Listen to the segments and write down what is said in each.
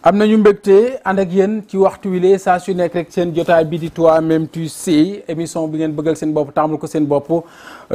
ak ci waxtu wi su rek bi di toi-même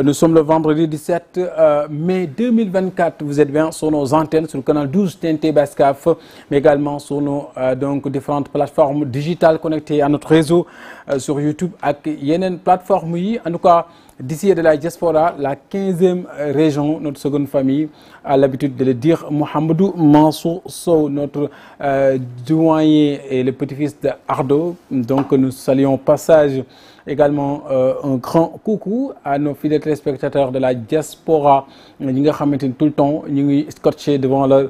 nous sommes le vendredi 17 euh, mai 2024 vous êtes bien sur nos antennes sur le canal 12 TNT Bascaf mais également sur nos euh, donc différentes plateformes digitales connectées à notre réseau euh, sur YouTube ak yeneen plateforme yi en tout cas. D'ici de la diaspora, la 15e région, notre seconde famille, a l'habitude de le dire, Mohamedou Mansour Sow, notre euh, douanier et le petit-fils Ardo. Donc nous saluons passage également euh, un grand coucou à nos fidèles téléspectateurs de la diaspora Nous sommes tout le temps devant leur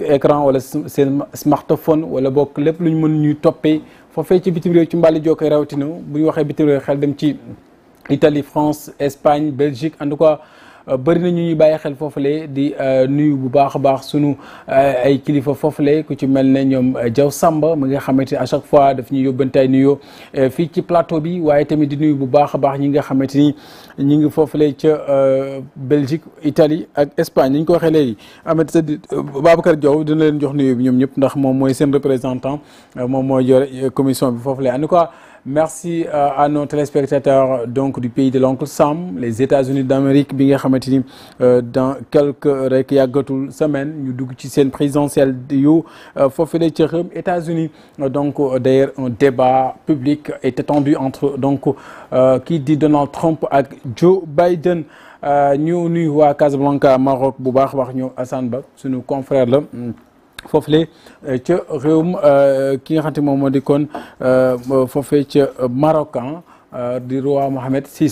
écran ou smartphone Italie France Espagne Belgique en tout cas euh, na ñuy baye xel di euh, nuyu bu baax sunu euh, ay kilifa ku ci melne ñom Diaw Samba mi nga nous à chaque fois daf ñuy ci plateau bi tamit di nuyu bu baax ñi nga ñi ngi nous Belgique Italie ak Espagne ko Babacar Diaw dina leen jox commission bi merci euh, à nos téléspectateurs donc du pays de l'oncle Sam les États-Unis d'Amérique bi euh, dans quelques semaines, semaines. semaine ñu dugg présidentielle de euh, l'Union ci États-Unis donc d'ailleurs un débat public est attendu entre donc qui dit Donald Trump et Joe Biden Nous sommes à Casablanca Maroc bu baax wax ñu nos confrères suñu foofule euh, ca réewum euh, ki nga xam moom moo di kon euh, foofee ca Maroc ah, di roi Mohammed VI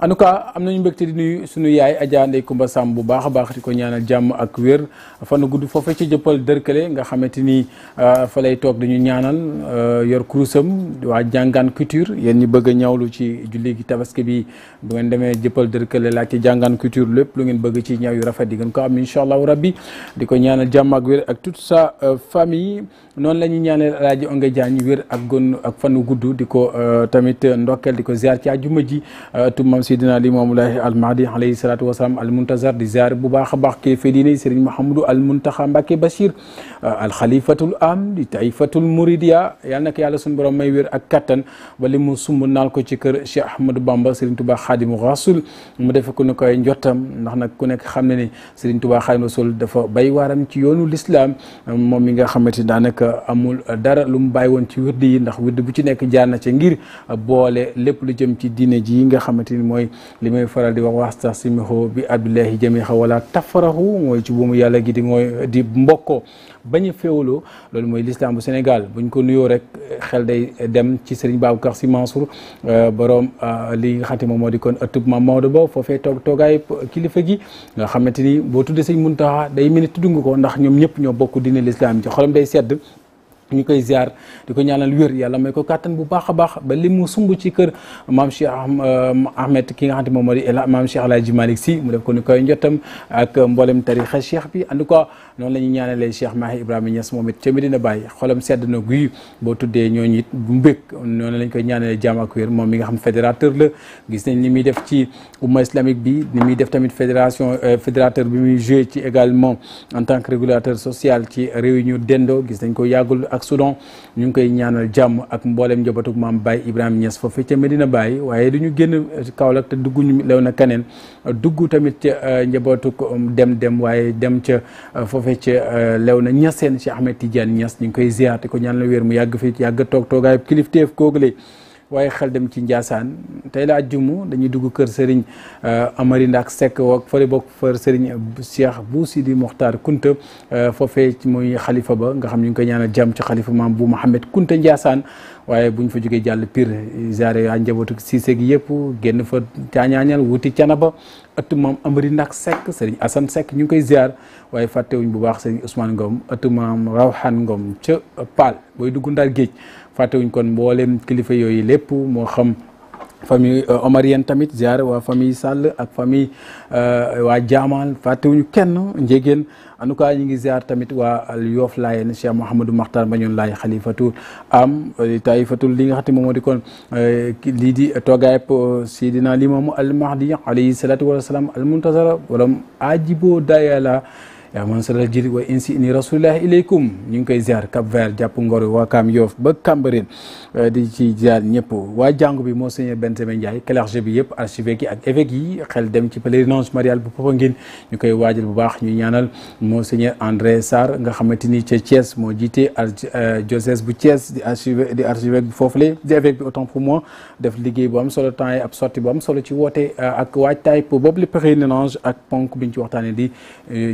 en tout am nañu mbégte di nuyu suñu yaay Adja Ndeye Kumba Samb bu baax a baax di ko ñaanal jàmm ak wér fan gudd foofe ci jëppal dërkale nga xamante ni euh, fa lay toog dañu ñaanal euh, yor kurusam waa jàngaan culture yéen ñi bëgg a ñawlu ci julli gi tabaski bi bu ngeen demee jëppal dërkale laaj ci jàngaan culture lépp lu ngeen bëgg ci ñaw yu rafet di ngeen ko am incha allahu rabbi di ko ñaanal jàmm ak wér ak toute sa euh, famille noonu la ñuy ñaanal alaaji Onge Diagne wér ak gon ak fanu gudd di ko tamit ndokkel di ko ziar ci àjjuma ji سيدنا الإمام الله المعدي عليه الصلاة والسلام المنتظر دزار ببا خبا كيف ديني سيرين محمد المنتخب باكي بشير alxalifatul am di taifatul muridiya yal na ko yàlla suñu borom may wér ak kattan ba li mu sumb naal ko ci kër Cheikh Ahmadou Bamba Serigne Touba Xaadimu Rasul mu defe ko ni koy njottam ndax nag ku nekk xam ne ni Serigne Touba Xaadimu Rasul dafa bay waaram ci yoonu lislaam moom mi nga xamante daanaka amul dara lu mu bàyyi woon ci wird yi ndax wird bu ci nekk jaar na ca ngir boole lépp lu jëm ci diine ji nga xamante ni mooy li may faral di wax waasta simiho bi abdullahi jamiha wala tafarahu mooy ci buumu yàlla gi di mooy di mbokkoo bañ a loolu mooy l'islam bu Sénégal buñ ko nuyoo rek xel day dem ci Serigne Babacar Sy Mansour euh, borom euh, li nga xamante moom moo di kon ëttub Maam Maodo ba foofee toog toogaay kilifa gi nga xamante ni boo tuddee Serigne Mountakha day mel ni ko ndax ñoom ñëpp ñoo bokk diine l'islam ci xolam day sedd ñu koy ziar di ko ñaanal wér yàlla may ko kàttan bu baax a baax ba li mu sumb ci kër maam Cheikh euh, Ahmed ki nga xamante moom moo di maam Cheikh El Hadji si mu def ko ni koy njottam ak mboolem tarixa Cheikh bi en noonu la ñuy ñaanalee Cheikh Mahi Ibrahima Niass moom it ca Medina Baye xolam sedd na guy boo tuddee ñooñu it bu mbég noonu lañ koy ñaanalee jàmm ak wér moom mi nga xam fédérateur la gis nañ ni muy def ci umma islamique bi ni muy def tamit fédération euh, fédérateur bi muy joué ci également en tant que régulateur social ci réunion dendo gis nañ ko yàggul ak Soudan ñu ngi koy ñaanal jàmm ak mboolem njabootug maam Baye Ibrahima Niass foofu ca Medina bàyyi waaye du ñu génn Kaolack te dugguñu lew na kaneen dugg tamit ca euh, njabootug dem dem waaye dem ca euh, foofu foofee ci lew na ñas seen ci Ahmed Tidiane ñas ñu ngi koy ziar ko ñaan la wér mu yàgg fi yàgg toog toogaayu kilifteef googule waaye xel dem ci Ndiassane tey la àjjuma dañuy dugg kër Serigne Amary Ndack Seck ak fële bokk fër Serigne Cheikh bu Mokhtar Kunta foofee muy xalifa ba nga xam ñu ngi ñaanal jàmm ci xalifa maam bu Mouhamed Kunta Ndiassane waaye buñ fa jógee jàll pire ziare yaa njabootu Cissé gi yëpp génn fa caañaañal wuti canaba at maam Amari Ndak Seck sëriñ Assane Seck ñu ngi koy ziar waaye fàttewuñ bu baax sëriñ Ousmane Ngom ëtt maam Rawhan Ngom ca Paal booy dugg Ndar géej fàttewuñ kon mboolem kilifa yooyu lépp moo xam. famille euh, omarienne tamit ziare waa famille Sall ak famille euh, waa Jaamal fàttewuñu kenn njegéen en tout cas ñu ngi ziar tamit waa al yoof laayeen Cheikh Mouhamadou Makhtar Mbañoon Laay xalifatul am euh, taifatul li nga xam di kon lii di toogaayap Seydina Limaamu al Mahdi alayhi salaatu al muntazara walam ajibo dayala ya man salal jiri wa insi ni rasulillah ilaykum ñu ngi koy ziar Cap Vert japp Ngor Wakaam Yoff ba Cambérène eh, di ci ziar ñepp wa jàngu bi mo sañee Benjamin Ndiaye clergé bi yëpp archivé ki ak évêque yi xel dem ci pèlerinage marial bu Popenguine ñu koy waajal bu baax ñu ñaanal mo monseigneur André sar nga xamante ci ca Thiès moo jiite eh, diocèse bu Thiès di archivé di archevêque bi foofule di évêque bi autant pour moi def liggéey bu am solo temps yi ab sorti bu am solo ci woté eh, ak waj tay pour boobu le pèlerinage ak ponk biñ ci waxtané di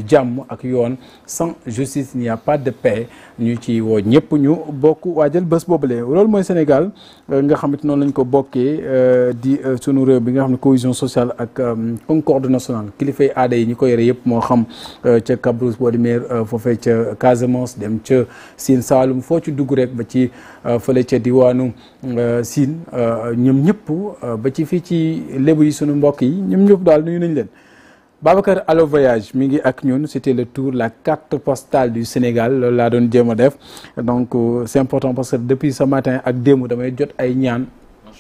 jàmm jàmm ak yoon sans justice il n'y a pas de paix ñu ci woo ñëpp ñu bokk waajal bés boobule loolu mooy Sénégal euh, nga xamante non lañ ko bokké euh, di euh, sunu réew bi nga xam ne cohésion sociale ak concorde nationale kilifay aada yi ñi ko yore yëpp moo xam ca Cabrousse boo demee foofee ca Casamance dem ca Sine Saalum fo ci dugg rek ba ci feulé ca diwanu Sine ñoom ñëpp ba ci fi ci lebu yi sunu mbokk yi ñoom ñëpp dal nuyu nañ leen Babacar Allo Voyage Mingi ngi c'était le tour la carte postale du Sénégal la donne doon donc euh, c'est important parce que depuis ce matin ak damay jot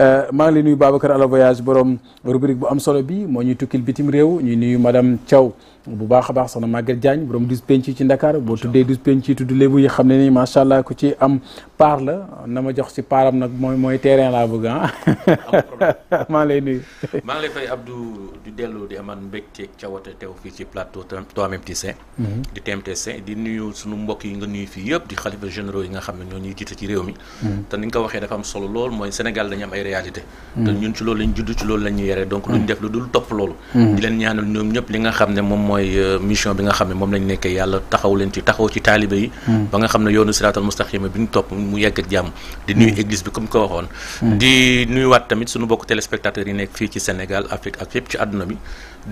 Euh, maa ngi lay nuyu Babacar Alla Voyage borom rubrique bu am solo bi moo ñuy tukkil bitim réew ñuy nuyu madame caw bu baax a baax màgget Maguette Diagne borom dus penc ci Ndakar boo tuddee dus penc ci tudd lébu yi xam ne nii macha allah ku ci am paar la na ma jox si paaram nag mooy mooy terrain laa bëgg ah. maa ngi lay nuyu. maa ngi lay fay Abdou di dellu di amaat mbégteeg cawate teew fii ci plateau toi-même Ticin. Mhm. di TMTC di nuyu sunu mbokk yi nga nuy fii yëpp di xalifa généraux yi nga xam ne ñoo ñuy jiite ci réew mi. Mhm. te ni nga waxee dafa am solo lool mooy Sénégal dañu réalité te ñun ci loolu lañ judd ci loolu la ñu yore donc duñ def lu dul topp loolu di leen ñaanal ñoom ñëpp li nga xam ne moom mooy euh, mission bi nga xam ne moom lañ nekkee yàlla taxaw leen ci taxaw ci taalibe yi ba nga xam ne yoonu siraatal mustaqima bi ñu topp mu yegg jàmm di nuyu église bi comme ko waxoon di nuyuwaat tamit suñu bokk téléspectateurs yi nekk fii ci Sénégal Afrique ak fépp ci àdduna bi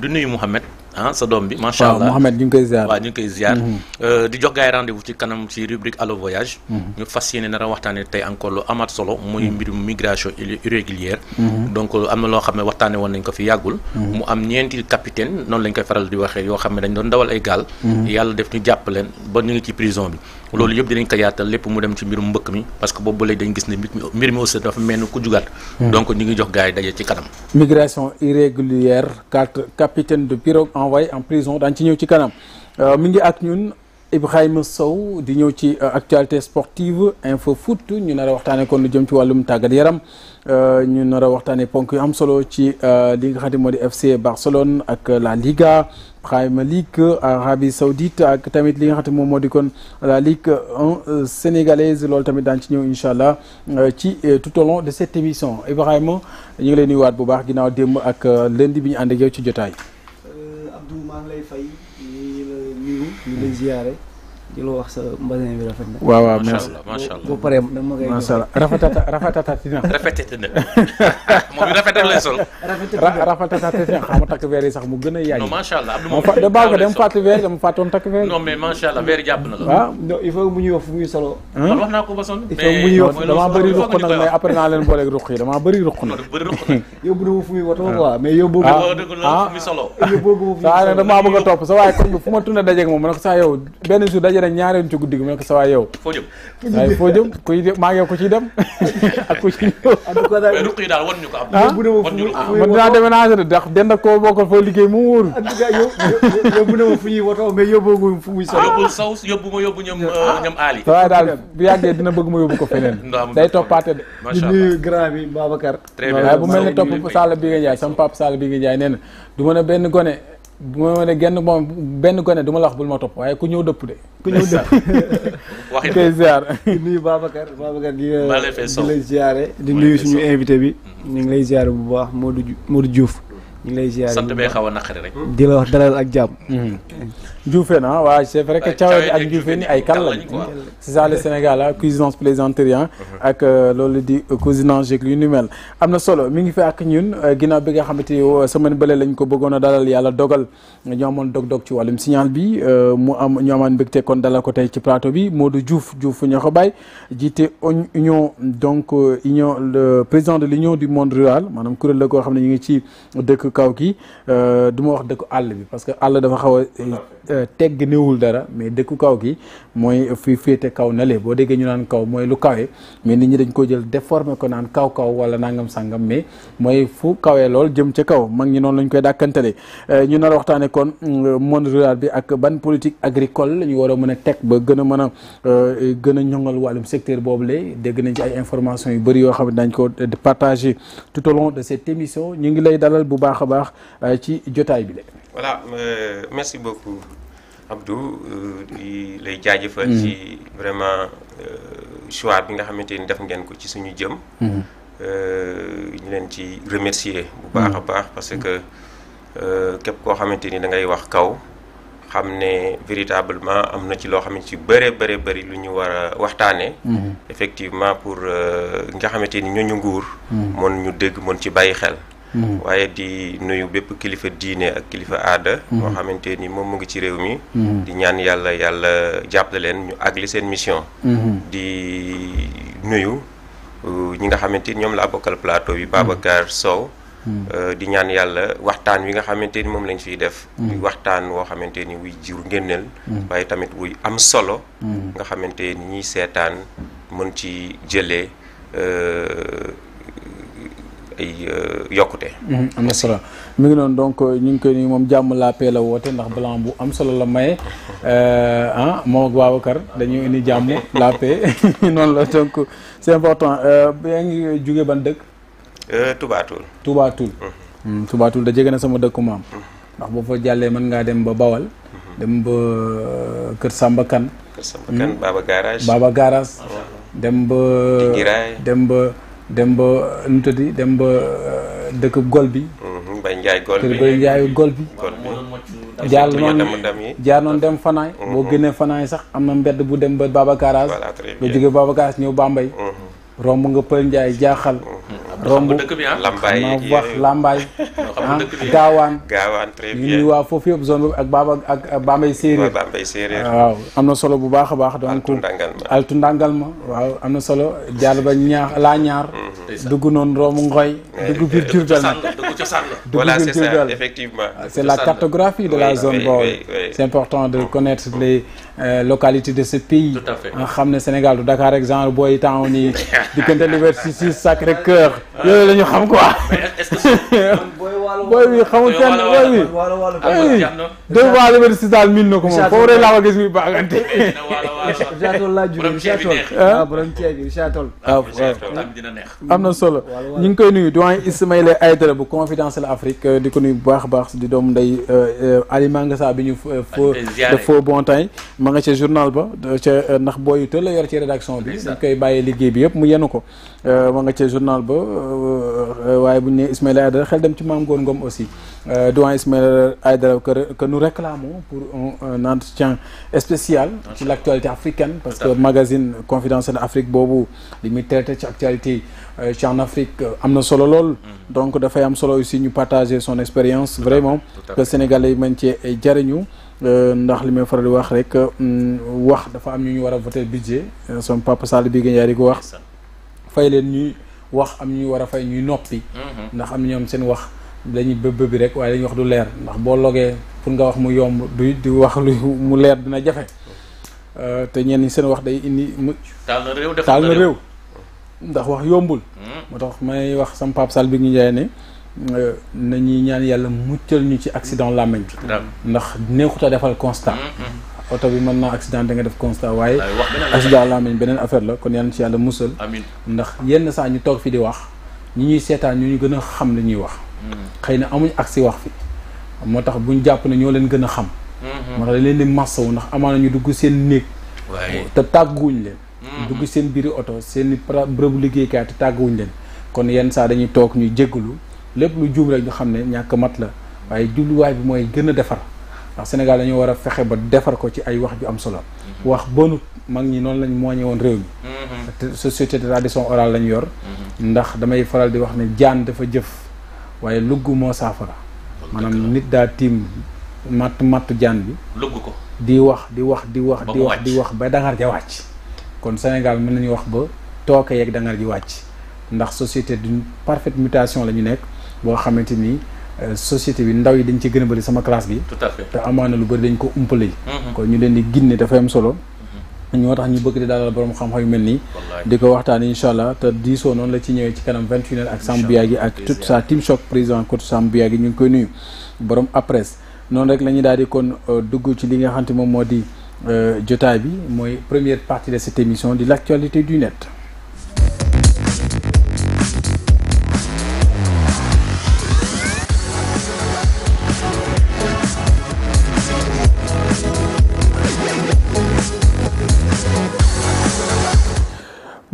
du nuyu Mouhamed ah sa doom bi macha allah Mohamed ñu ngi koy ziar waaw ñu koy ziar mm-hmm. euh, di jox gars rendez-vous ci kanam ci rubrique allo voyage mm-hmm. ñu fas na ra a tay encore lu amat solo muy mm-hmm. mbirum migration irrégulière donc euh, amna lo loo xam won nañ ko fi yagul mu am ñeenti capitaine non lañ koy faral di waxee yo xamné dañ doon dawal ay gal yalla def ñu japp leen ba ñu ngi ci prison bi loolu yëpp dinañ ko yaatal lépp mu dem ci mbirum mbëkk mi parce que boobu léegi dañ gis ne mbir mi aussi dafa mel ku jugaat donc ñu ngi jox gars yi daje ci kanam migration irrégulière quatre capitaine de pirogue envoyé en prison daañu ci ñëw ci kanam euh, mi ngi ak ñun Ibrahima Sow di ñëw ci euh, actualité sportive info foot ñu nar a waxtaanee kon lu jëm ci wàllum tàggat yaram euh, ñu nar a waxtaanee ponk yu am solo ci li nga FC Barcelone ak la Liga Premier League Arabie Saoudite ak tamit li nga xam kon la Ligue 1 sénégalaise loolu tamit daan ci ñëw ci tout au long de cette émission Ibrahima ñu ngi lay nuyuwaat bu baax ginnaaw démb ak lundi bi ñu ànd yow ci Abdou maa ngi lay fay ñu ngi la nuyu ñu lay ziare. di la wax sa mbasin bi rafet na. waaw waaw merci macha allah bu paree dama koy. macha allah rafetata rafetatatina. rafetatatina moom it rafetal lay sol. rafetatatina rafetatatina xam nga takk weer yi sax mu gën a yaay. non macha allah Abdou moom it da baax nga dem fàttali weer dama fàttoon takk weer. non mais macha allah weer jàpp na la. waaw ah, non il faut mu ñuy wax fu muy solo. man wax naa ko ba sonn. il faut mu ñuy wax damaa bëri ruq nag mais après naa leen booleeg ruq yi damaa bëri ruq nag. yóbbu na ma fu muy woto ah. quoi mais yóbbu. ah ah yóbbu na ma fu muy solo. Ah. saa damaa bëgg a topp sa waaye comme fu ma tun a dajeeg moom ma ne ko saa yow benn jour dajale ñaari yoon ci guddi gi mu ne ko sa waay yow. foo waaye foo jëm ku ciy dem ak ku ciy yi daal ko am. ah wan ñu ah, de ndax dend ak koo bokkal foo mu wóorul. en tout cas yow yóbbu na ma fu ñuy woto mais ah, yóbbu fu ma yóbbu ñoom ah. euh, ñoom aali. waaye daal bu yàggee dina bëgg ma yóbbu ko feneen. day toppaate de. macha allah di nuyu bi Babacar. très bien waaye bu mel ne topp Sall bi nga jaay sama papa bi nga jaay nee na du ma ne benn gone bu ma ne genn moom benn gone du ma la wax bul ma topp waaye ku ñëw dëpp de. ku ñëw dëpp waxi koy ziar. di nuyu Babacar Babacar di lay euh, di nuyu suñu invité bi. Mm-hmm. ñu ngi lay ziare bu baax Modou Modou Diouf. ñu ngi lay ziare bu baax sant xaw a naqari rek. di la wax dalal ak jàmm. Mm-hmm. Mm-hmm. Dioufène ah waaw vrai que Thiawé ak Dioufène ay kan lañ c' ça le Sénégal la ah, cousinage plaisanterie ah, uh-huh. ak euh, loolu di euh, cousinage yeeg yu ni Amna solo mi ngi fi ak ñun euh, ginnaaw bi nga xamante ni semaine bële lañ ko bëggoon dalal yàlla dogal ñu dog-dog ci signal bi mo am ñu amaan mbégte kon dalal ko tey ci plateau bi Modou Diouf Diouf ñoo ko bàyyi union donc union le président de l'union du monde rural madame kuréel la koo xam ne ñu ci dëkk kaw ki du wax dëkk bi parce que àll dafa Euh, tegg néewul dara mais dëkku kaw gi mooy fi féete kaw na le boo déggee ñu naan kaw mooy lu kawe mais nit ñi dañ ko jël déformé ko naan kaw kaw wala nangam sangam mais mooy fu kawee lool jëm ca kaw mag ñi noonu lañ koy dàkkantale euh, ñu nar a waxtaane kon euh, monde rural bi ak ban politique agricole la ñu war a mën a teg ba gën a mën a gën a ñoŋal wàllum secteur boobu le dégg nañ ci ay information yu bëri yoo xam ne dañ ko partager tout au long de cette émission ñu ngi lay dalal bu baax a baax ci jotaay bi la voilà Abdou euh, di lay jaajëfal mm-hmm. ci vraiment euh, choix bi nga xamanteni def ngeen ko ci suñu jëm mm-hmm. euh ñu leen ci remercier bu baax mm-hmm. baax parce que euh kep ko xamanteni da ngay wax kaw xamne véritablement amna ci lo xamante ci béré béré béré lu ñu wara waxtané effectivement pour euh, nga xamanteni ni ñooñu nguur mon ñu dégg mon ci bayyi xel Mm-hmm. waaye di nuyu bépp kilifa diine ak kilifa aada moo mm-hmm. xamante ni moom mu ngi ci réew mi mm-hmm. di ñaan yàlla yàlla jàppale leen ñu àggali seen mission di nuyu euh, ñi nga xamante ni ñoom la bokkal plateau bi Sow euh, di ñaan yàlla waxtaan wi nga xamante ni moom lañ fiy def waxtaan woo xamante ni wuy jur ngénneel waaye tamit wuy am solo nga xamante ni ñiy seetaan mën ci jëlee euh, ay euh, yokkute. Mm-hmm, am na solo mi ngi noonu donc euh, ñu ngi koy nii moom jàmm laa la woote ndax blanc bu am solo la maye euh, ah moom ak Babacar dañuy indi jàmm la paix noonu la donc c'est important yaa ngi jóge ban dëkk. Toubatoul. Toubatoul. Mm-hmm. Mm, Toubatoul da jege na sama dëkku maam. Mm-hmm. ndax boo fa jàllee mën ngaa dem ba Bawal. dem ba Kër Samba Kane. Kër mm. Garage. Baba Garage. Ah, dem ba. Ngiraay dem ba. dem ba nu mu tëddi dem ba euh, dëkk gol bi. Mbaye mhm, Ndiaye gol bi Mbaye gol bi. jaar noonu dem Fanaay. Mhm. boo génnee Fanaay sax am na mbedd bu dem ba Baba Garage. nga jóge Baba Garage ñëw Bambey. Mhm. romb nga Pël Ndiaye jaaxal. romb ah? lambaay ma wax lambaay ah gaawaan gaawaan waa foofu yëpp zone ak baaba ak Bambey séeréer waaw am na solo bu baax a baax donc altu ndàngal ma waaw am na solo jall ba ñaax laa ñaar dugg noonu romb Ngoy. dugg biir Diourbel nag voilà c'est effectivement. c'est la cartographie de la zone c'est important de connaître les euh, localités de ce pays. tout à fait nga Sénégal du Dakar exemple, Boy booy taw nii diggante Liberté Sacré-Cœur yooyu la xam quoi. est-ce que booy bi xamul kenn booy bi deux fois liberté si daal miin na ko moom foofu rek laa ko gis muy baagante satol laa jógee borom ceeb bi satol waaw ah. ah, ah, am na solo ñu ngi koy nuyu doyen Ismaïla Aïdara bu la Afrique euh, di ko nuyu bu baax a baax di doom nday euh, euh, Ali Mangasa bi ñu faux de faux bon nga ca journal ba ca ndax booy yu tël la yor ci rédaction bi dañ koy bàyyee liggéey bi yëpp mu yenu ko ma nga ca journal ba waaye bu ñu ne Ismaïla Aïdara xel dem ci maam góor Ngom aussi euh, doyen Ismaël que, que nous réclamons pour un, entretien spécial sur l'actualité africaine parce que magazine confidentiel Afrique bobo limité à l'actualité ci actualité euh, en Afrique euh, am solo lool mm. donc de am solo aussi nous partager son expérience vraiment que sénégalais yi et cee nous euh, ndax li may faral di wax rek mm, wax dafa am ñu ñu voter budget son papa Sall bi Ndiaye di ko wax fay leen ñuy wax am ñu war a fay nous noppi mm-hmm. ndax am na dañuy bëb bi rek waaye dañuy wax du leer ndax boo logee pour nga wax mu yomb du di wax lu mu leer dina jafe euh, te ñenn ñi seen wax day indi mu. taal na réew réew ndax wax yombul. Hmm. moo tax may wax sama Pape Sall bi ñu jaay ne euh, nañuy ñaan yàlla muccal ñu ci accident làmmiñ bi ndax neexut a defal constant hmm, hmm. oto bi mën naa accident da nga def constat waaye. accident làmmiñ beneen affaire la kon yàlla ci yàlla musal. ndax yenn saa ñu toog fi di wax ñi ñuy seetaan ñu ñu gën a xam li ñuy wax. xëy na amuñ accès wax fi moo tax buñ jàpp na ñoo leen gën a xam mhm. moo tax leen di wu ndax amaana ñu dugg seen néeg te tàgg wuñ leen mhm. dugg seen biiri oto seen bërëbu liggéeykaay te wuñ leen kon yenn saa dañuy toog ñuy jéggalu lépp lu juum rek ñu xam ne ñàkk mat la waaye jubluwaay bi mooy gën a defar ndax Sénégal dañoo war a fexe ba defar ko ci ay wax ju am solo mhm. wax bonut mag ñi noonu lañ mooñe woon réew mi société de tradition orale lañ yor ndax damay faral di wax ne jaan dafa jëf waaye lugg moo saafara maanaam nit daa tiim matt mattu jaan bi lugg ko di wax di wax di wax di wax di wax ba dangar ja wàcc kon Sénégal mën nañu wax ba tooke yeeg dangar ji wàcc ndax société d'une parfaite mutation la ñu nekk boo xamante ni euh, société bi ndaw yi dañ ci gën a bari sama classe bi tout à fait te amaana lu bëri dañ ko umpale yi mhm. kon ñu leen di gin ginne dafay am solo nous ñu bëgg di dalal borom xam-xam yu mel de waxtaan nous allah 10 de noonu la ci ñëwee ci kanam 21 ak Samba que ak sa team choc président coach Samba ñu koy après Non, rek la kon euh, dugg ci euh, première partie de cette émission di l'actualité du net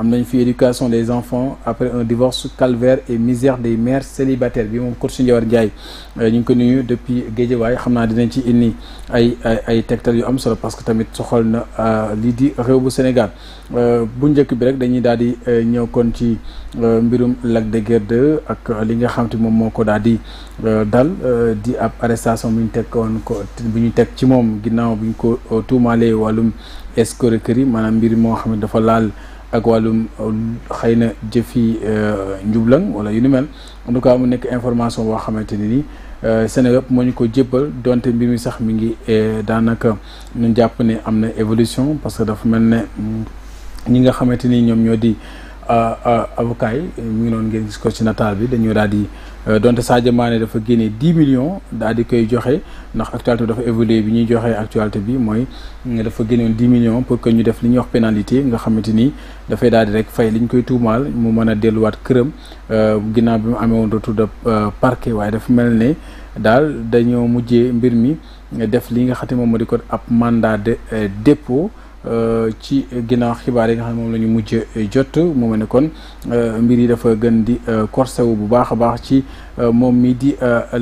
am nañ fi éducation des enfants après un divorce calvaire et misère des mères célibataires bi moom kursu Ndiawar Ndiaye euh, ñu ko nuyu depuis Guédiawaye xam naa dinañ ci indi ay ay ay tegtal yu am solo parce que tamit soxal na euh, lii di réew bu Sénégal euh, bu njëkk bi rek dañuy daal di ñëw kon ci mbirum Lac de guerre de ak li nga xam mom moko moo daal di dal di ab arrestation bu ñu teg woon ko bu ñu teg ci mom ginnaaw bu ñu ko tuumaalee walum escroquerie manam mbir mo xam dafa laal. ak wàllum xëy na jëfi euh, njublang wala yu ni mel en tout cas mu nekk information boo xamante ne ni euh, Sénégal moo ñu ko jéppal donte mbir mi sax mi ngi euh, daanaka ñu jàpp ne am na évolution parce que dafa mel ne mm, ñi nga xamante ni ñoom ñoo di avocat mu ngi noonu ngeen gis ko ci nataal bi dañoo daal di. Euh, donte Sadio Mané dafa génne dix millions daal di koy joxe ndax actualité bi dafa évolué bi ñuy joxe actualité bi mooy mm, dafa génnoon dix millions pour que ñu def li ñuy wax pénalité nga xamante ni dafay daal di rek fay li ñu koy tuumaal mu mën a delluwaat këram euh, ginnaaw bi mu amee woon retour de euh, parquet waaye dafa mel ne daal dañoo mujjee mbir mi def li nga xam ne moom moo di ko ab mandat de dépôt. Euh, ci ginnaaw xibaar yi nga xam ne moom lañu ñu mujj eh, jot mu mel ne kon euh, mbir yi dafa gën di euh, corsé wu bu baax a baax ci moom mii di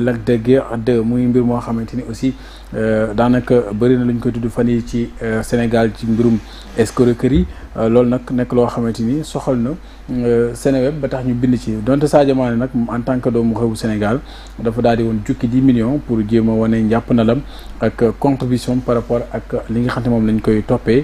Lac de Guiers 2 muy mbir moo xamante ni aussi daanaka bëri na lu koy tudd fan yi ci Sénégal ci mbirum escroquerie loolu nag nekk loo xamante ni soxal na Seneweb ba tax ñu bind ci donte Sadio Mané nag en tant que doomu xewu Sénégal dafa daal woon jukki 10 million pour jéem a wane njàpp na la ak contribution par rapport ak li nga xam ne moom lañ koy toppee.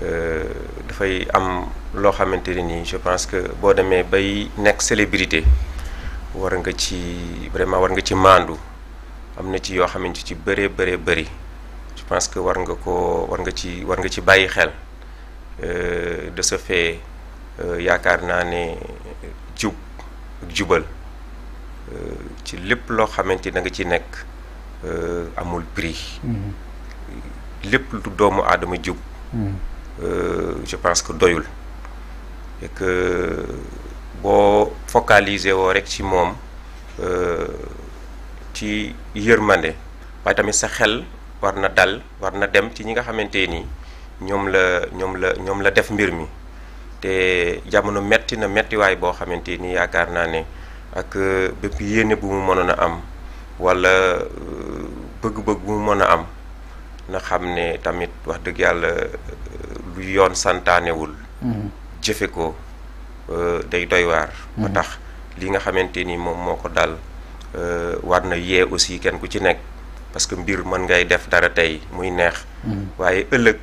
Euh, dafay am loo xamante ne nii je pense que boo demee bay nekk célébrité war nga ci vraiment war nga ci maandu am na ci yoo xamante ci bëree bëree bëri je pense que war nga ko war nga ci war nga ci bàyyi xel euh, de ce euh, yaakaar naa ne jub ak jubal ci lépp loo xamante da nga ci nekk amul prix mm-hmm. lépp lu doomu aadama jub mm-hmm. Euh, je pense que doyul et boo focaliser woo rek ci moom euh, ci yërmande waaye tamit sa xel war na dal war na dem ci ñi nga xamante ni ñoom la ñoom la ñoom la def mbir mi te jamono metti na mettiwaay boo xamante nii yaakaar naa ne ak euh, bépp yéene bu mu mënoon a am wala bëgg-bëgg bu mu mën a am na xam ne tamit wax dëgg yàlla. bu yoon santaanewul mm-hmm. jëfe ko euh, day doy waar ba mm-hmm. tax li nga xamante ni moom moo ko dal euh, war na yee aussi kenn ku ci nekk parce que mbir mën ngay def dara tey muy neex mm-hmm. waaye ëllëg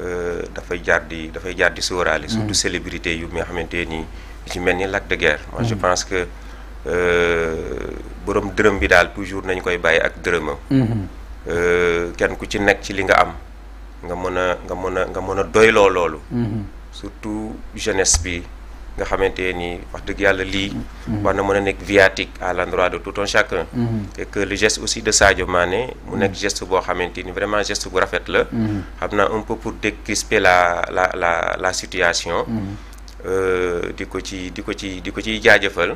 euh, dafay jaar di dafay jaar di sóoraale surtout célébrité yu nga xamante ni ci mel ni Lac de Guiers moi je pense que borom dërëm bi daal toujours nañu koy bàyyi ak dërëmam kenn ku ci nekk ci li nga am nga mën a nga mën a nga mën a doyloo loolu. Mhm. surtout jeunesse bi nga xamante ni wax dëgg yàlla lii. Mhm. war na mën a nekk viatique à l'endroit de tout un chacun. Mhm. et que le geste aussi de Sadio Mané mu nekk geste boo xamante ni vraiment geste bu rafet la. xam naa un peu pour décrisper la la la la situation. Euh, di ko ci di ko ci di ko ciy jaajëfal.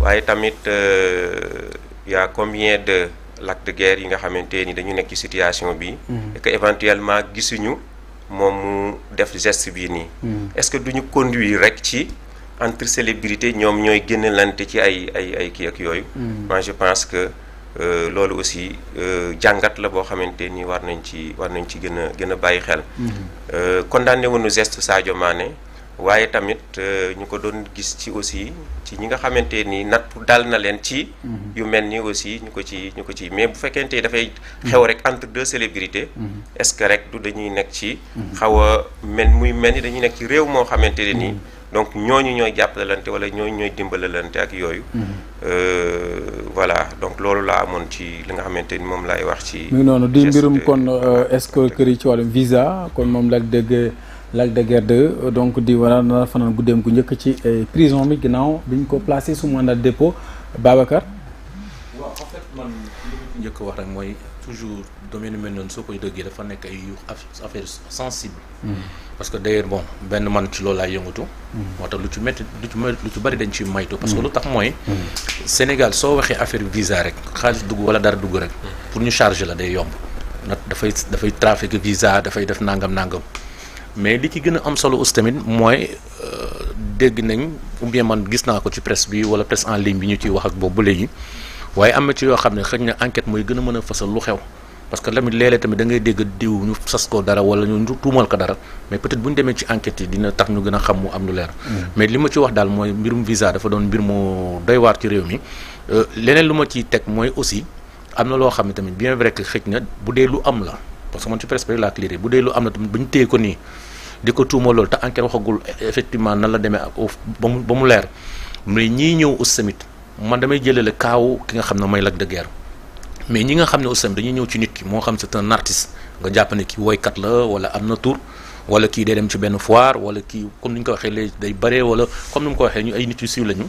waaye tamit euh, y a combien de. l'acte guerre yi nga xamante ni dañu nekk ci situation bi mm-hmm. et gisuñu moom mu def gest bii nii mm-hmm. est-ce que duñu conduire rek ci entre célébrité ñoom ñooy génn lante ci ay ay ay kii ak yooyu mm-hmm. moi je pense que euh, loolu aussi euh, jàngat la boo xamante ni war nañ ci war nañ ci gën a gën a bàyyi xel euh, condamné wuñu geste Sadio Mané waaye tamit euh, ñu ko doon gis ci aussi ci ñi nga xamante nii nat dal na leen ci. Mhm. yu mel ni aussi ñu ko ci ñu ko ci mais bu fekkente dafay. xew rek entre deux célébrités. Mhm. est-ce que rek du dañuy nekk ci. Mhm. xaw a mel muy mel ni dañuy nekk ci réew moo xamante ne nii. donc ñooñu ñooy jàppalante wala ñooñu ñooy dimbalalante ak yooyu. Euh, voilà donc loolu laa amoon ci li nga xamante ni moom laay wax ci. mi noonu di mbirum kon euh, est-ce que kër yi ci wàllum visa kon moom la dégg. Lac de Guiers 2 donc di wala a nar a fanaan guddeem ci eh, prison mi ginaaw biñ ko placer sous mandat de dépôt Babacar. waaw en fait man ñëk wax rek moy toujours domaine mel noonu soo koy dëggee dafa nekk ay affaires sensibles hmm. parce que d'ailleurs bon ben man ci loolu yëngutu hmm. motax lu ci métti lu ci lu ci bëri dañ ci maytu. parce que hmm. lu tax mooy. Sénégal so waxee affaire visa rek xaalis dugg wala dara dugg rek. pour ñu charger la day yomb. nag dafay dafay trafic visa dafay def nangam nangam. mais li ci gën a am solo aussi tamit mooy euh, dégg nañ ou bien man gis naa ko ci presse bi wala presse en ligne bi ñu ciy wax ak boobu ba léegi waaye am na ci yoo xam ne xëy na enquête mooy gën a mën a fasal lu xew parce que tamit léeg tamit da ngay dégg diw ñu sas ko dara wala ñu tuumal ko dara mais peut-être bu ñu demee ci enquête yi dina tax ñu gën a xam mu am lu leer. Mm-hmm. mais li ma ci wax daal mooy mbirum visa dafa doon mbir mu doy waar ci réew mi euh, leneen lu ma ciy teg mooy aussi am na loo xam ne tamit bien vrai que xëy na bu dee am la parce que man ci presse bi bu dee lu bu ñu téye ko nii di ko tuuma loolu te enquête waxagul effectivement nan la demee ba mu ba mu leer mais ñii ñëw aussi tamit man damay jëlale kaaw ki nga xam ne mooy Lac de Guiers mais ñi nga xam ne aussi tamit dañuy ñëw ci nit ki moo xam c'est un artiste nga jàpp ne kii woykat la wala am na tur wala kii day dem ci benn foire wala kii comme ni ñu ko waxee léegi day bëree wala comme ni mu ko waxee ñu ay nit yu siiw lañu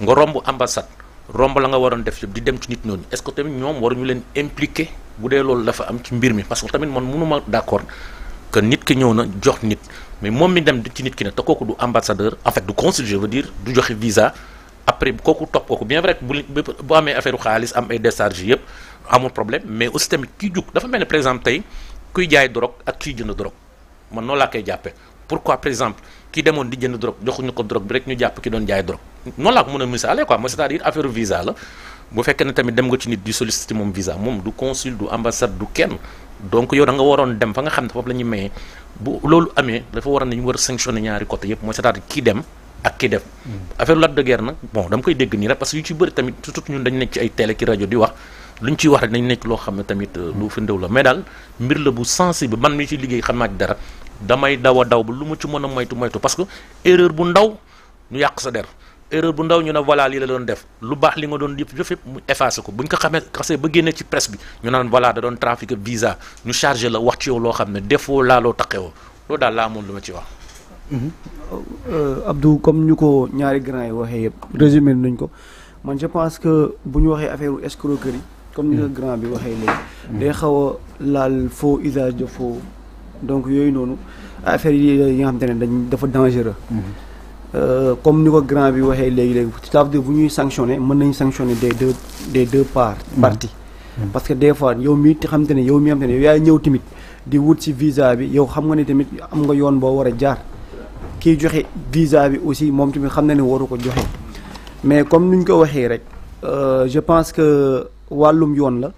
nga romb ambassade romb la nga waroon def yëpp di dem ci nit ñooñu est-ce que tamit ñoom waruñu leen impliqué bu dee loolu dafa am ci mbir mi parce que tamit man mënuma d'accord que nit ki ñëw na jox nit mais moom mi dem ci nit ki ne te kooku du ambassadeur en fait du consul je veux dire du joxe visa après kooku topp kooku bien vrai bu bu amee affaire xaalis am ay décharge yëpp amul problème mais aussi tamit kiy jug dafa mel ne par exemple tey kuy jaay drogue ak kuy jënd drogue man noonu laa koy jàppee pourquoi par exemple ki demoon di jënd drogue joxuñu ko drogue bi rek ñu jàpp ki doon jaay drogue noonu laa ko mën a misaale quoi mooy c'est-à-dire affaire visa la bu fekkee tamit dem nga ci nit di solliciter moom visa moom du consul du ambassade du kenn donc yow da nga waroon dem fa nga xam ne foofu la ñuy mayee bu loolu amee dafa waroon nañu war a sanctionner ñaari côté yëpp mooy c'est-à-dire kii dem ak ki def hmm. affaire Lac de guerre nag bon da koy dégg nii rek parce que yu ci bëri tamit surtout ñun dañ nekk ci ay télé ki rajo di wax luñ ci wax rek dañ nekk loo xam ne tamit euh, lu fi ndew la mais daal mbir la bu sensible man mi ci liggéey xam naa dara damay daw a daw ba lu ma ci mën a moytu moytu parce que erreur bu ndaw ñu yàq sa der erreur bu ndaw ñu na voilà lii la doon def lu baax li nga doon yëpp jëf yëpp mu effacé ko bu ñu ko xamee xasee ba génne ci presse bi ñu naan voilà da doon trafic visa ñu chargé la wax ci yow loo xam ne defoo laaloo taqewoo loolu daal laa amoon lu ma ci wax. Euh, Abdou comme ñu ko ñaari grand yi waxee yëpp résumé nañ ko man je pense que bu ñu waxee affaire escroquerie comme ni ko mm-hmm. grand bi waxee léegi. Mm-hmm. day xaw a laal foo usage de faux donc yooyu noonu affaire yi nga xam te ne dañ dafa dangereux. Mm-hmm. Euh, comme ni ko grand bi waxee léegi léegi ça veut dire bu ñuy sanctionné mën nañu sanctionné des deux des deux mm-hmm. parts mm-hmm. parce que des fois yow mii xam te ne yow mii xam te yow yaay ñëw tamit di wut ci visa bi yow xam nga ne tamit am nga yoon boo war a jaar kiy joxe visa bi aussi moom tamit xam na ne waru ko joxe mais comme ni ñu ko waxee rek euh, je pense que wàllum yoon la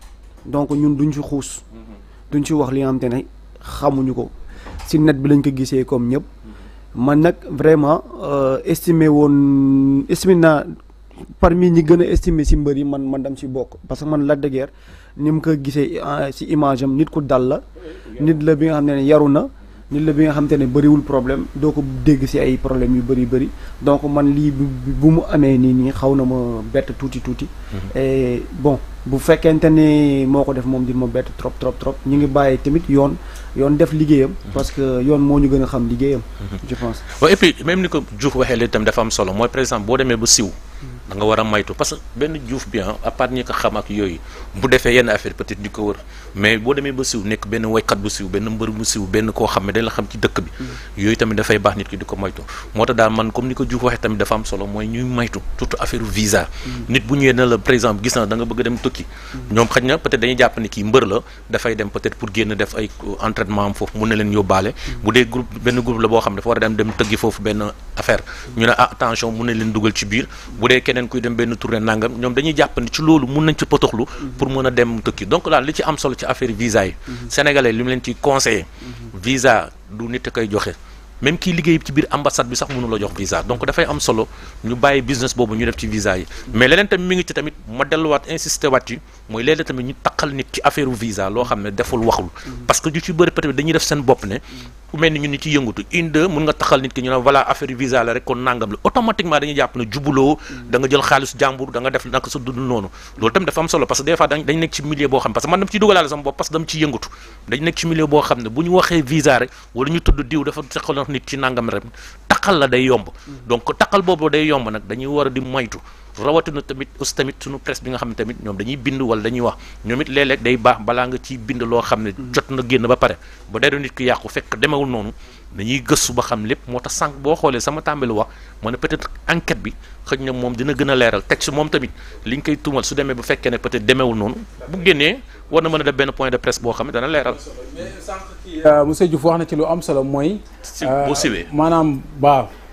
donc ñun duñ ci xuus mm-hmm. duñ ci wax li nga xam ne xamuñu ko si net bi lañ ko gisee comme ñëpp man nag vraiment euh, estimé woon estimé naa parmi ñi gën a estimé si mbër yi man man dam si bokk parce que man la de Guiers ni mu ko gisee si euh, image nit ku dal la nit la bi nga xam ne yaru na nit la bi nga xam ne bëriwul problème doo ko dégg si ay problème yu bëri bëri donc man lii bu mu amee nii nii xaw na ma bett tuuti tuuti mm-hmm. et bon bu fekkente ni moo ko def moom di ma bett trop trop trop ñu ngi bàyyi tamit yoon yoon def liggéeyam. Mhm. parce que yoon moo ñu gën a xam liggéeyam. Mhm. je pense. waaw et puis ni ko Diouf waxee léegi tamit dafa am solo mooy par exemple boo demee ba siw da nga war a maytu parce que benn Diouf bi ah, à part ñi ko xam ak yooyu bu defee yenn affaire peut-être di ko war mais bo demé ba siw ben benn woykat bu siw benn mbër bu siw benn koo dañ la xam ci dëkk bi mm. yoy tamit fay bax nit ki man comme ni waxe tamit da fam solo moy ñuy maytu affaire visa mm. nit bu ñëwee na la par exemple gis na da nga bëgg dem mm. peut-être dañuy japp ni ki mbeur la fay dem peut-être pour def ay euh, entraînement fofu mu groupe ben groupe la bo xamné dem dem fofu ben affaire ñu ah, na attention mu leen ci biir kuy dem ben nangam dañuy ne ci lolu pour mëna dem tukki donc li am solo ci affaire visa yi mhm. sénégalais li mu leen ciy mhm. visa du nit a koy joxe même kii ligue ci biir ambassade bi sax mënu la jox visa donc da fay am solo ñu baye business bobu ñu def ci visa yi mais leneen tamit mi ngi ci tamit ma delluwaat insisté waat yi mooy léeg-léeg tamit ñu takal nit ci affaire visa lo xamne deful waxul parce que ju ci bëri peut-être dañuy def sen bop ne ku melni ni ñun ci yëngutu une deux mën nga takal nit ki ñu ne voilà affaire visa la rek ko nangam la automatiquement dañuy japp ne jubulo da nga jël xaalis jambour da nga def naka sa dund noonu loolu tamit dafa am solo parce que des fois dañ nek ci milieu bo xam parce que man dama ci dugalaale sama bop parce que dama ci yëngutu dañ nek ci milieu bo xamne ne bu ñu waxee visa rek wala ñu tudd diw dafa nit ci nangam rem taxal la day yomb mm. donc taxal boobu day yomb nag dañuy war a di moytu rawatina tamit aussi tamit suñu presse bi nga xam ne tamit ñoom dañuy bind wala dañuy wax ñoom it léeg-léeg day baax balaa nga ciy bind loo xam ne mm. jot na génn ba pare ba dara nit ki yàqu fekk demewul noonu dañuy gëstu ba xam lépp moo tax sànq boo xoolee sama tàmbali wax ma ne peut-être enquête bi xëj na moom dina gën a leeral teg si moom tamit li ñu koy tuumal su demee bu fekkee ne peut-être demeewul noonu bu génnee war na mën a def benn point de presse boo xam ne dana leeral. mais sànq kii euh, monsieur na ci lu am solo mooy. si boo euh, maanaam baaw.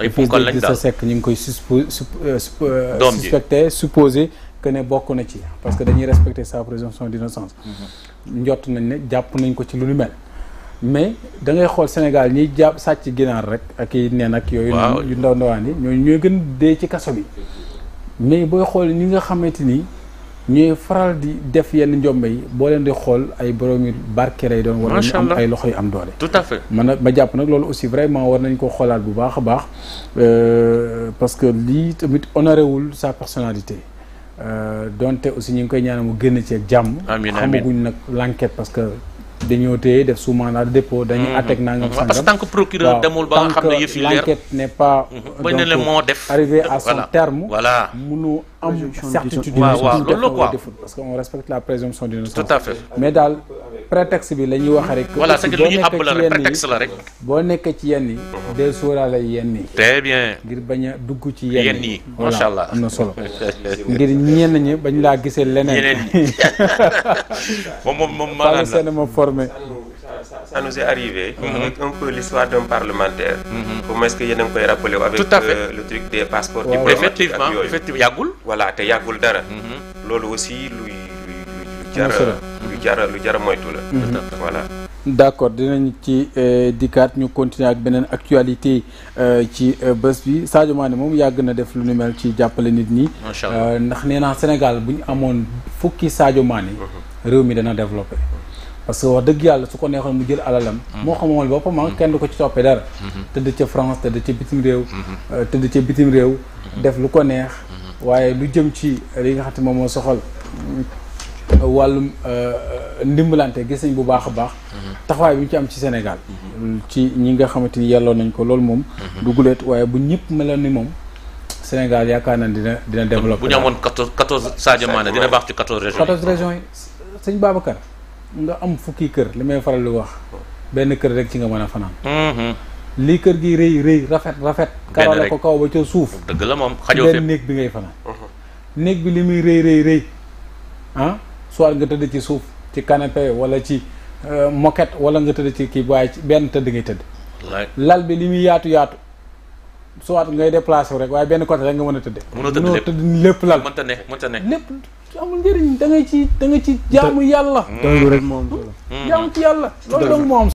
ay punkal lañ daal Seck ñu koy euh, euh, suspecté supposé que ne bokk na ci parce que dañuy respecter sa présomption d'innocence mhm. njott nañ né japp nañ ko ci lu mel mais da ngay xol Sénégal ñi japp sacc ginaar rek ak i nen ak yooyu yu ndaw ndawani ñoy ñoy gën dé ci kasso bi mais boy xol ñi nga xamante ni ñuy faral di def yenn njombe yi boo leen di xool ay borom yu barke lay doon. wala ñu am ay loxo yu am doole. tout à man ma jàpp nag loolu aussi vraiment war nañ ko xoolaat bu baax a baax euh, parce que lii tamit honoré wul sa personnalité. Euh, donte aussi ñu ngi koy ñaanal mu génn ci ak jàmm. amiin amiin nag l'enquête parce que dañoo téye def sous mandat de dépôt. dañu àtteeg mhm. nangam sangam mhm. parce que tant que procureur demul ba nga xam ne yëf leer l'enquête n'est pas. Mhm. bañ na leen def arrivé à son terme. voilà mënu am certitude. waaw waaw loolu la quoi parce que on respecte la présomption d'innocence. tout à fait mais dal prétexte bi la wax rek. voilà c'est que lu ñuy la rek prétexte la rek. bo nek ci yenn yi. soura sóoraale yenn yi. très bien ngir baña dugg ci yenn yi. yenn yi macha allah am solo. ngir ñenn ñi bañ la gisee leneen. yeneen yi mom moom moom maanaam ça nous est arrivé. Mm-hmm. un peu l'histoire d'un parlementaire. Mm-hmm. comment est-ce que y a avec euh, le truc des passeports effectivement voilà c'est Yagoul dara. Mm-hmm. aussi lui, lui, lui, lui, lui, lui, lui, lui, lui, lui, lui, continuer avec actualité qui euh, lui, euh, bi Sénégal parce que wax dëgg yàlla su ko neexoon mu jël alalam. Mm-hmm. moo xam moom boppam ah mm-hmm. kenn du ko ci toppee dara. Mm-hmm. tëdd ca France tëdd ca bitim réew. Euh, tëdd ca bitim réew. def lu ko neex. waaye lu jëm ci li nga xam te moom moo soxal mm, wàllum euh, euh, ndimbalante gis nañ bu baax a baax. taxawaay bi ñu am ci Sénégal. ci ñi nga xamante ni yelloo nañ ko loolu moom. du guleet waaye bu ñëpp meloon ni moom. Sénégal yaakaar na dina dina développé. bu ñu amoon quatorze quatorze Sadio Mané dina baax ci quatorze régions yi. quatorze régions nga am fukki kër li may faral di wax benn kër rek ci nga mën a fanaan mhm. lii kër gi rëy rëy rafet rafet karale ko kaw ba ca suuf dëgg la moom xajoo benn néeg bi ngay fanaan mhm. néeg bi li muy rëy rëy rëy ah soit nga tëdd ci suuf ci canapé wala ci euh, moquette wala nga tëdd ci kii waaye ci benn tëdd ngay tëdd lal bi li muy yaatu yaatu soit ngay déplacé wu rek waaye benn côté rek nga mën a tëdd mënoo tëdd lépp lal mënta ne lépp amul njëriñ da ngay ci da nga ci jaamu yàlla. doylu rek moom ci yàlla loolu dong moo am